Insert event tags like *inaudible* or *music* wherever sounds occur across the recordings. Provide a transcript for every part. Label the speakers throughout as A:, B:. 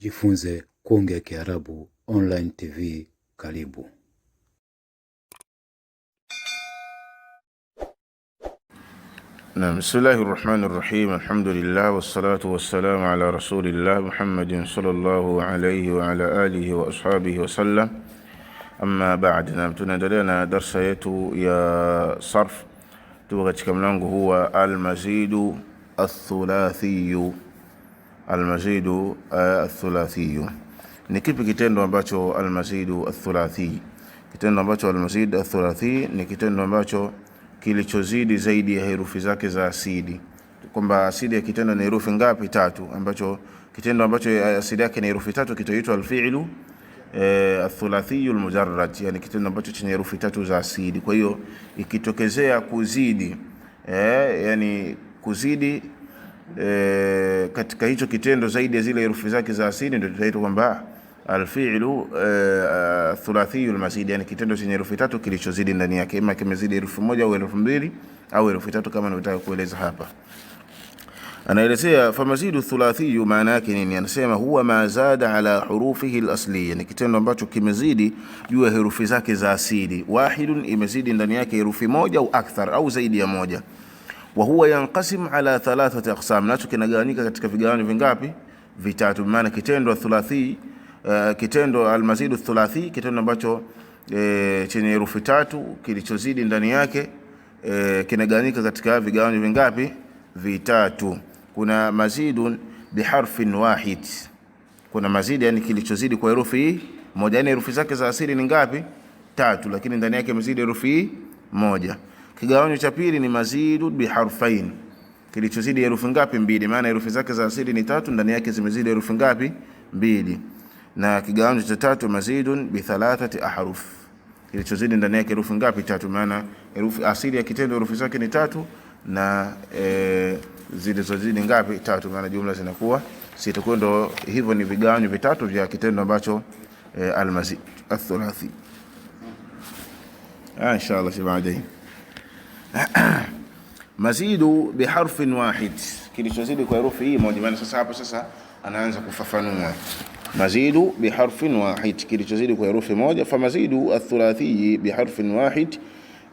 A: Jifunze Kuongea Kiarabu Online TV karibu.
B: Naam, bismillahi rahmani rahim, alhamdulillah wassalatu wassalamu ala rasulillah Muhammadin sallallahu alayhi wa ala alihi wa ashabihi wasallam. Amma baad, naam, tunaendelea na darsa yetu ya sarf. Tuko katika mlango huu wa almazidu athulathiyyu almazidu eh, athulathi. Ni kipi kitendo ambacho almazidu athulathi? Kitendo ambacho almazidu athulathi ni kitendo ambacho kilichozidi zaidi ya herufi zake za asidi, kwamba asidi ya kitendo ni herufi ngapi? Tatu. ambacho kitendo ambacho eh, asili yake ni herufi tatu kitaitwa alfi'lu e, eh, athulathiyul mujarrad, yani kitendo ambacho chenye herufi tatu za asili. Kwa hiyo ikitokezea kuzidi e, yani kuzidi e, katika hicho kitendo zaidi ya zile herufi zake za asili ndio tutaitwa kwamba alfi'lu e, thulathiyul mazid, yani kitendo chenye herufi tatu kilichozidi ndani yake, ima kimezidi herufi moja au herufi mbili au herufi tatu kama ninavyotaka kueleza hapa. Anaelezea famazidu thulathiyu, maana yake nini? Anasema huwa ma zada ala hurufihi alasliya, asliya ni kitendo ambacho kimezidi juu ya herufi zake za asili. Wahidun, imezidi ndani yake herufi moja au akthar au zaidi ya moja wa huwa yanqasim ala thalathati aqsam, nacho kinagawanyika katika vigawanyo vingapi? Vitatu. Maana kitendo thulathi, uh, kitendo almazidu thulathi, kitendo ambacho e, chenye herufi tatu kilichozidi ndani yake e, kinagawanyika katika vigawanyo vingapi? Vitatu. Kuna mazidun biharfin wahid, kuna mazidi yani kilichozidi kwa herufi moja, yani herufi zake za asili ni ngapi? Tatu, lakini ndani yake mzidi herufi moja. Kigawanyo cha pili ni mazidu biharfain, kilichozidi herufi ngapi? Mbili. Maana herufi zake za asili ni tatu, ndani yake zimezidi herufi ngapi? Mbili. Na kigawanyo cha tatu mazidun bithalathati ahruf, kilichozidi ndani yake herufi ngapi? Tatu. Maana herufi asili ya kitendo herufi zake ni tatu na e, zilizozidi ngapi? Tatu. Maana jumla zinakuwa sita. Kwa ndo hivyo ni vigawanyo vitatu vya kitendo ambacho e, almazid athulathi. Ah, inshallah baadaye *clears throat* mazidu biharfin wahid, kilichozidi kwa herufi hii moja. Maana sasa hapo sasa anaanza kufafanua mazidu biharfin wahid, kilichozidi kwa herufi moja. Fa mazidu athulathi biharfin wahid,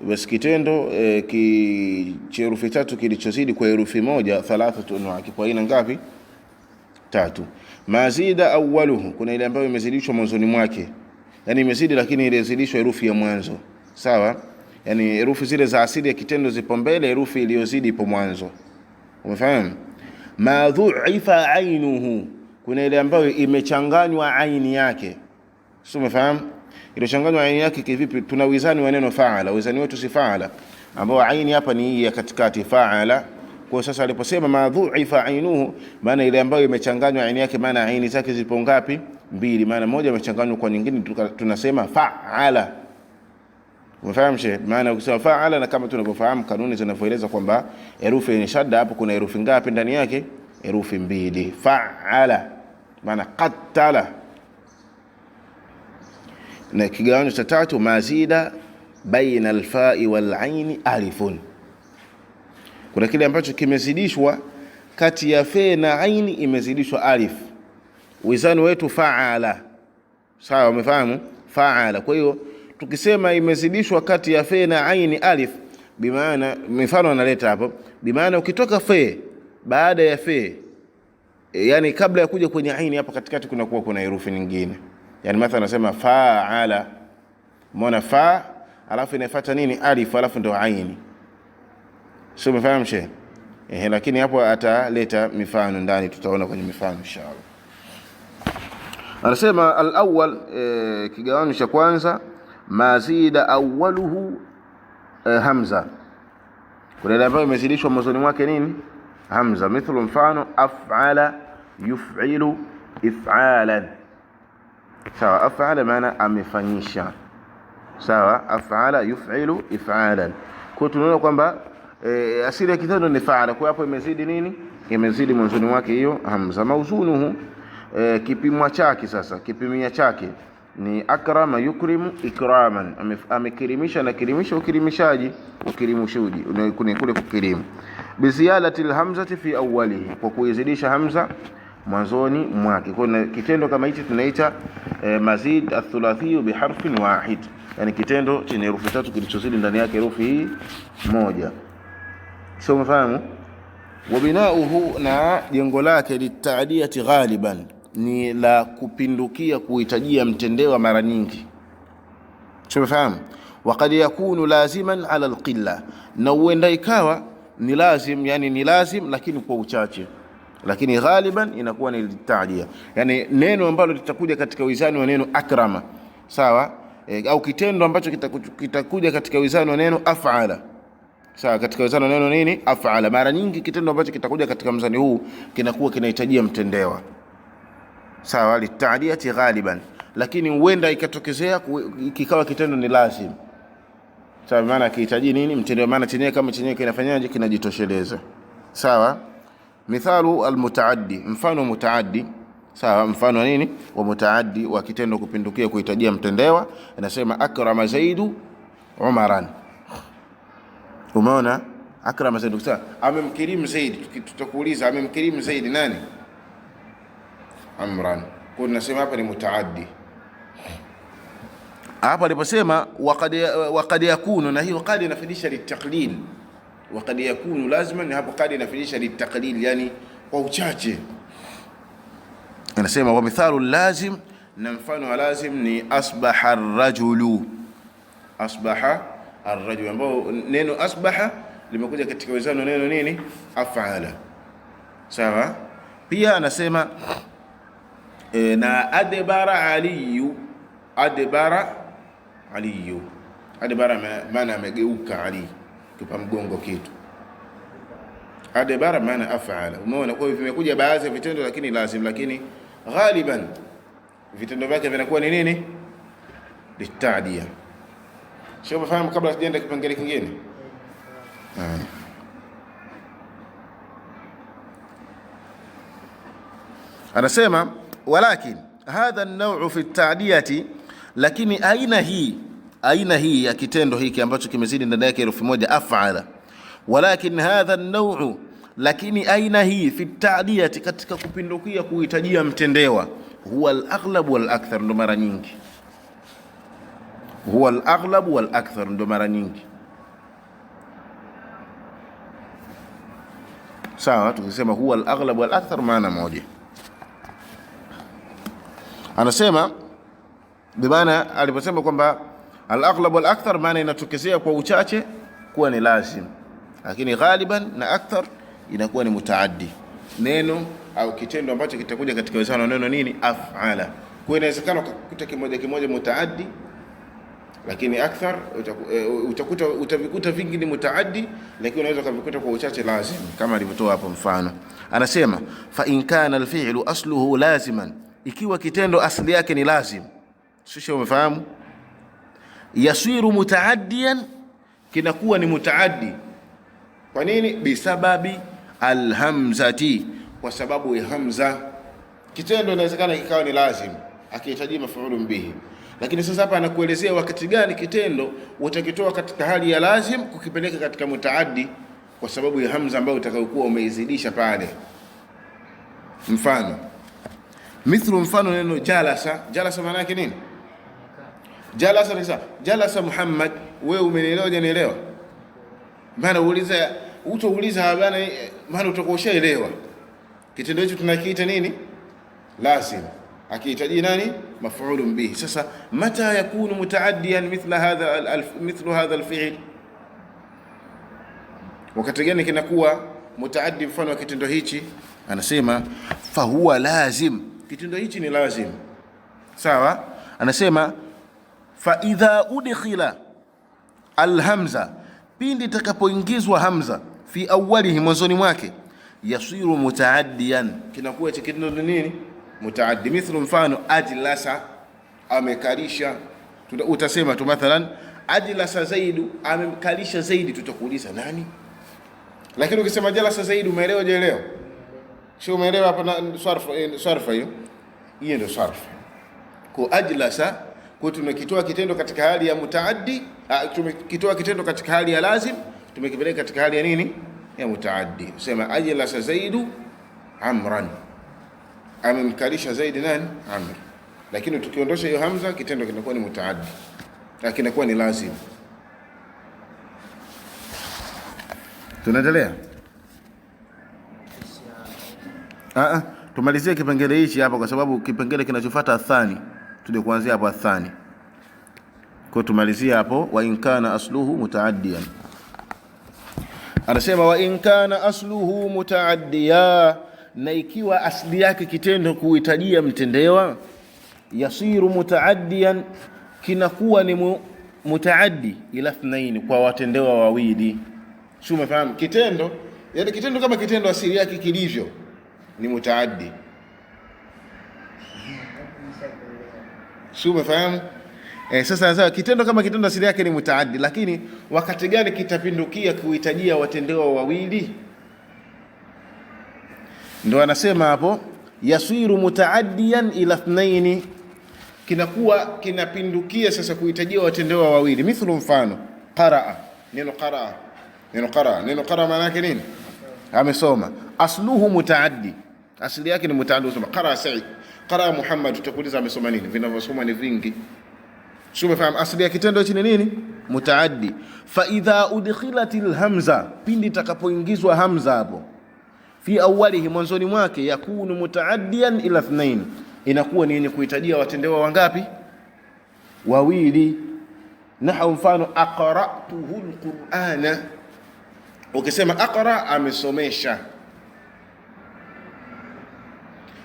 B: basi kitendo e, cha herufi tatu kilichozidi kwa herufi moja. Thalathatu anwa, kwa aina ngapi? Tatu. Mazida awwaluhu, kuna ile ambayo imezidishwa mwanzoni mwake, yani imezidi lakini ilizidishwa herufi ya mwanzo, sawa yani herufi zile za asili ya kitendo zipo mbele, herufi iliyozidi ipo mwanzo. Umefahamu? madhuifa ainuhu, kuna ile ambayo imechanganywa aini yake, sio? Umefahamu? Iliyochanganywa aini yake kivipi? Tuna wizani wa neno faala, wizani wetu si faala, ambao aini hapa ni hii ya katikati faala. Kwa sasa aliposema madhuifa ainuhu, maana ile ambayo imechanganywa aini yake, maana aini zake zipo ngapi? Mbili, maana moja imechanganywa kwa nyingine, tunasema faala Umefahamu shehe? Maana ukisema faala na kama tunavyofahamu kanuni zinavyoeleza kwamba herufi yenye shadda hapo kuna herufi ngapi ndani yake? Herufi mbili. Faala maana qatala, na kigawanyo cha tatu mazida baina alfai wal aini alifun, kuna kile ambacho kimezidishwa kati ya fe na aini, imezidishwa alif. Wizani wetu faala, sawa? Umefahamu faala, kwa hiyo tukisema imezidishwa kati ya fe na aini alif, bimaana mifano analeta hapo, bimaana ukitoka fe baada ya fe e, yani kabla ya kuja kwenye aini hapo katikati kuwa kuna herufi nyingine, yani mathalan anasema faala, mona fa alafu inafuata nini alif, alafu ndo aini, sio? Umefahamu shehe? eh lakini hapo ataleta mifano ndani, tutaona kwenye mifano inshallah. Anasema al-awwal, e, cha kwanza mazida awaluhu eh, hamza. Kuna ile ambayo imezidishwa mwanzoni mwake nini? Hamza. Mithlu, mfano af'ala, yuf'ilu, if'alan. Sawa, af'ala maana amefanyisha. Sawa, af'ala yuf'ilu if'alan. Kwa tunaona kwamba e, asili ya kitendo ni fa'ala. Kwa hapo imezidi nini? Imezidi mwanzoni mwake hiyo hamza. Mauzunuhu eh, kipimwa chake sasa, kipimia chake ni akrama yukrimu ikraman, amekirimisha na kirimisha ukirimishaji ukirimushuji kune kule kukirimu. Biziadati lhamzati fi awwalihi, kwa kuizidisha hamza mwanzoni mwake. Kwa kitendo kama hichi tunaita eh, mazid athulathi bi harfin wahid, yani kitendo chenye herufi tatu kilichozidi ndani yake herufi hii moja. Sio mfahamu? Wabinauhu, na jengo lake litadiati ghaliban ni la kupindukia kuhitajia mtendewa mara nyingi. Tumefahamu wakad yakunu laziman ala lqilla, na uenda ikawa ni lazim, yani ni lazim lakini kwa uchache, lakini ghaliban inakuwa ni litajia, yani neno ambalo litakuja katika wizani wa neno akrama, sawa e, au kitendo ambacho kitakuja katika wizani wa neno afala Sawa, katika wizani wa neno nini afala. Mara nyingi kitendo ambacho kitakuja katika mzani huu kinakuwa kinahitajia mtendewa sawa, litadiati ghaliban, lakini huenda ikatokezea kikawa kitendo ni lazim sawa, maana kihitaji nini mtendo, maana chenyewe kama chenyewe kinafanyaje, kinajitosheleza sawa. Mithalu almutaaddi, mfano mutaaddi sawa, mfano nini wa mutaaddi wa kitendo kupindukia kuhitajia mtendewa, anasema akrama zaidu umaran. Umeona, akrama zaidu sawa, amemkirimu zaidi. Tutakuuliza amemkirimu zaidi nani? amran. Kwa hiyo tunasema hapa ni mutaaddi hapa aliposema waqad yakunu, na hiyo qad inafidisha litaqlil. Waqad yakunu lazima ni hapo, qad inafidisha litaqlil, yani kwa uchache. Anasema wa mithalu lazim, na mfano wa lazim ni asbaha ar-rajulu. Asbaha ar-rajulu, ambao neno asbaha limekuja katika wezano neno nini, afala. Sawa. Pia anasema e, na adebara aliyu adebara aliyu adebara maana amegeuka ali kipa mgongo kitu adebara maana afala. Umeona, kwa hivyo vimekuja baadhi ya vitendo lakini lazim, lakini ghaliban vitendo vyake vinakuwa ni nini? Litadia. Sio, mfahamu. Kabla sijaenda kipengele kingine, anasema walakin hadha an-naw'u fi at-ta'diyati, lakini aina hii aina hii ya kitendo hiki ambacho kimezidi ndani yake herufi moja af'ala. Walakin hadha an-naw'u, lakini aina hii fi at-ta'diyati, katika kupindukia kuhitajia mtendewa, huwa al-aghlab wal-akthar, ndo mara nyingi huwa al-aghlab wal-akthar, ndo mara nyingi sawa. Tukisema huwa al-aghlab wal-akthar, maana moja. Anasema bibana aliposema kwamba al-aghlab wal akthar, maana inatokezea kwa uchache kuwa ni lazim, lakini ghaliban na akthar inakuwa ni mutaaddi, neno au kitendo ambacho kitakuja katika wizana neno nini, af'ala. Kwa inawezekana ukakuta kimoja kimoja mutaaddi lakini akthar eh, utakuta utavikuta vingi ni mutaaddi, lakini unaweza ukavikuta kwa uchache lazim, kama alivyotoa hapo mfano. Anasema fa in kana alfi'lu asluhu laziman ikiwa kitendo asili yake ni lazim, sisi umefahamu, yasiru mutaaddiyan, kinakuwa ni mutaaddi. Kwa nini? Bisababi alhamzati, kwa sababu ya hamza. Kitendo inawezekana kikawa ni lazim, akihitaji mafuulu bihi, lakini sasa hapa anakuelezea wakati gani kitendo utakitoa katika hali ya lazim kukipeleka katika mutaaddi, kwa sababu ya hamza ambayo utakayokuwa umeizidisha pale. Mfano Mithlu, mfano neno jalasa. Jalasa maana yake nini? Jalasa ni sawa. Jalasa Muhammad, wewe umenielewa janielewa? Maana uuliza utauliza bana, eh, maana utakuwa ushaelewa. Kitendo hicho tunakiita nini? Lazim. Akihitaji nani? Maf'ulun bihi. Sasa mata yakunu mutaaddiyan mithla hadha mithlu hadha alfi'l, wakati gani kinakuwa mutaaddi mfano wa kitendo hichi? Anasema fahuwa lazim Kitendo hichi ni lazim, sawa. Anasema fa idha udkhila alhamza, pindi itakapoingizwa hamza fi awwalihi, mwanzoni mwake, yasiru mutaaddiyan, kinakuwa cha kitendo ni nini? Mutaaddi. Mithlu, mfano ajlasa, amekalisha. Utasema tu mathalan ajlasa zaidu, amekalisha zaidi, tutakuuliza nani. Lakini ukisema jalasa zaidu, umeelewa? jeleo si umeelewa hapa? Sarfa eh, sarfa hiyo hiyo ndio sarfa ku ajlasa, kwa tumekitoa kitendo katika hali ya mutaaddi, ah, tumekitoa kitendo katika hali ya lazim, tumekipeleka katika hali ya nini? Ya mutaaddi. Sema ajlasa zaidu amran, amemkalisha zaidi nani? Amr. Lakini tukiondosha hiyo hamza, kitendo kinakuwa ni mutaaddi, kinakuwa ni lazim. Tunaendelea. Ah, ah, tumalizie kipengele hichi hapa kwa sababu kipengele kinachofuata athani. Tuje kuanzia hapo athani. Kwa tumalizie hapo wa in kana asluhu mutaaddiyan. Anasema wa in kana asluhu mutaaddiya, na ikiwa asli yake kitendo kuhitajia mtendewa, yasiru mutaaddiyan, kinakuwa ni mu, mutaaddi ila ithnaini, kwa watendewa wawili. Sio, umefahamu kitendo? Yaani kitendo kama kitendo asili yake kilivyo ni mutaaddi. Si umefahamu? Eh, sasa sasa kitendo kama kitendo asili yake ni mutaaddi, lakini wakati gani kitapindukia kuhitajia watendewa wawili? Ndio anasema hapo, yasiru mutaaddiyan ila thnaini kinakuwa kinapindukia sasa kuhitajia watendewa wawili. Mithlu, mfano qaraa, neno qaraa, neno qaraa, neno qaraa maana yake nini? Amesoma. Asluhu mutaaddi asili yake ni mutaali. Usema qara Said, qara Muhammad, utakuuliza amesoma nini? Vinavyosoma ni vingi, sio? Umefahamu asili ya kitendo hichi ni nini? Mutaaddi. Fa idha udkhilatil hamza, pindi itakapoingizwa hamza hapo fi awalihi, mwanzoni mwake, yakunu mutaaddiyan ila ithnain, inakuwa ni yenye kuhitajia watendewa wangapi? Wawili. Nahau, mfano aqra'tuhu alqur'ana, ukisema aqra, amesomesha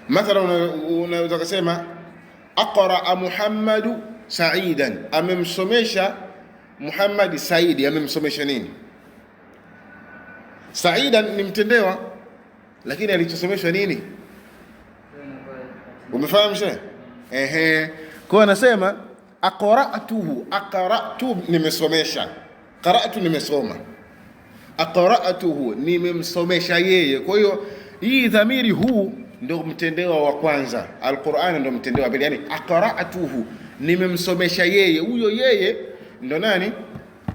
B: Mathala unaweza kusema aqraa Muhammadu Saidan, amemsomesha Muhammad Saidi. Amemsomesha nini? Saidan ni mtendewa, lakini alichosomeshwa nini? Umefahamu shehe? Ehe, kwa anasema aqra'tuhu, aqra'tu nimesomesha, qara'tu nimesoma, aqra'tuhu nimemsomesha yeye. Kwa hiyo hii dhamiri huu ndio mtendewa wa kwanza, Alquran ndio mtendewa wa pili, yani aqra'tuhu, nimemsomesha yeye. Huyo yeye ndo nani?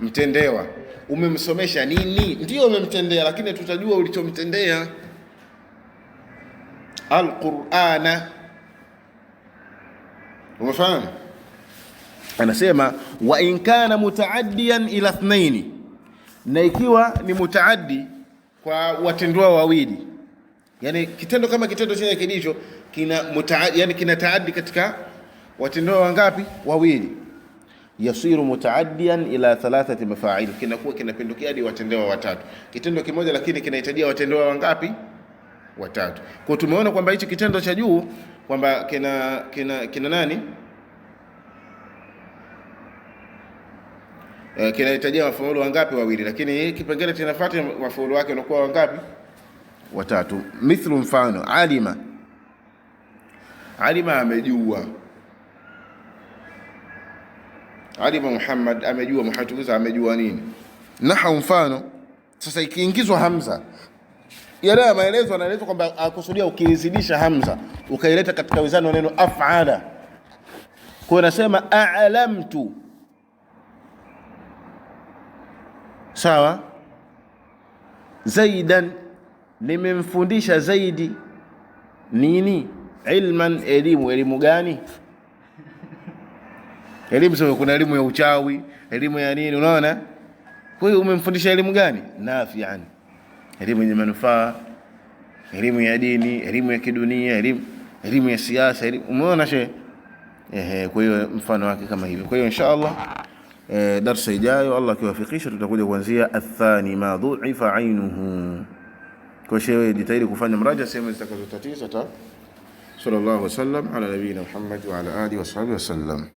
B: Mtendewa. Umemsomesha nini? Ndio umemtendea, lakini tutajua ulichomtendea. Alqur'ana, umefahamu? Anasema wa in kana mutaaddiyan ila thnaini na ikiwa ni mutaaddi kwa watendwa wawili Yani kitendo kama kitendo chenye kidicho kina mutaaddi, yani kina taaddi katika watendao wangapi? Wawili. Yasiru mutaaddian ila thalathati mafail, kinakuwa kinapindukia hadi watendao watatu. Kitendo kimoja lakini kinahitajia watendao wangapi? Watatu. Kwa tumeona kwamba hichi kitendo cha juu kwamba kina, kina, kina nani e, eh, kinahitajia mafaulu wangapi? Wawili. Lakini kipengele kinafuata mafaulu wake unakuwa wangapi? watatu. Mithlu, mfano alima, alima amejua, alima Muhammad amejua, muhatukiza amejua nini, naha mfano. Sasa ikiingizwa hamza yale ya maelezo anaelezwa kwamba akusudia, ukiizidisha hamza ukaileta katika wizani wa neno af'ala, kwa nasema a'lamtu, sawa zaidan nimemfundisha zaidi nini? Ilman, elimu. Elimu gani? Elimu sio, kuna elimu ya uchawi, elimu ya nini, unaona. Kwa hiyo umemfundisha elimu gani? Nafian, elimu yenye manufaa, elimu ya dini, elimu ya kidunia, elimu elimu ya siasa, elimu. Umeona she? Ehe, kwa hiyo mfano wake kama hivyo. Kwa hiyo inshaallah eh, darsa ijayo Allah akiwafikisha, tutakuja kuanzia athani ma dhuifa ainuhu kwa hiyo wewe jitahidi kufanya mraja sehemu zitakazotatiza ta. Sallallahu alaihi wasallam ala nabiyina Muhammad wa ala alihi wasahbihi wasallam.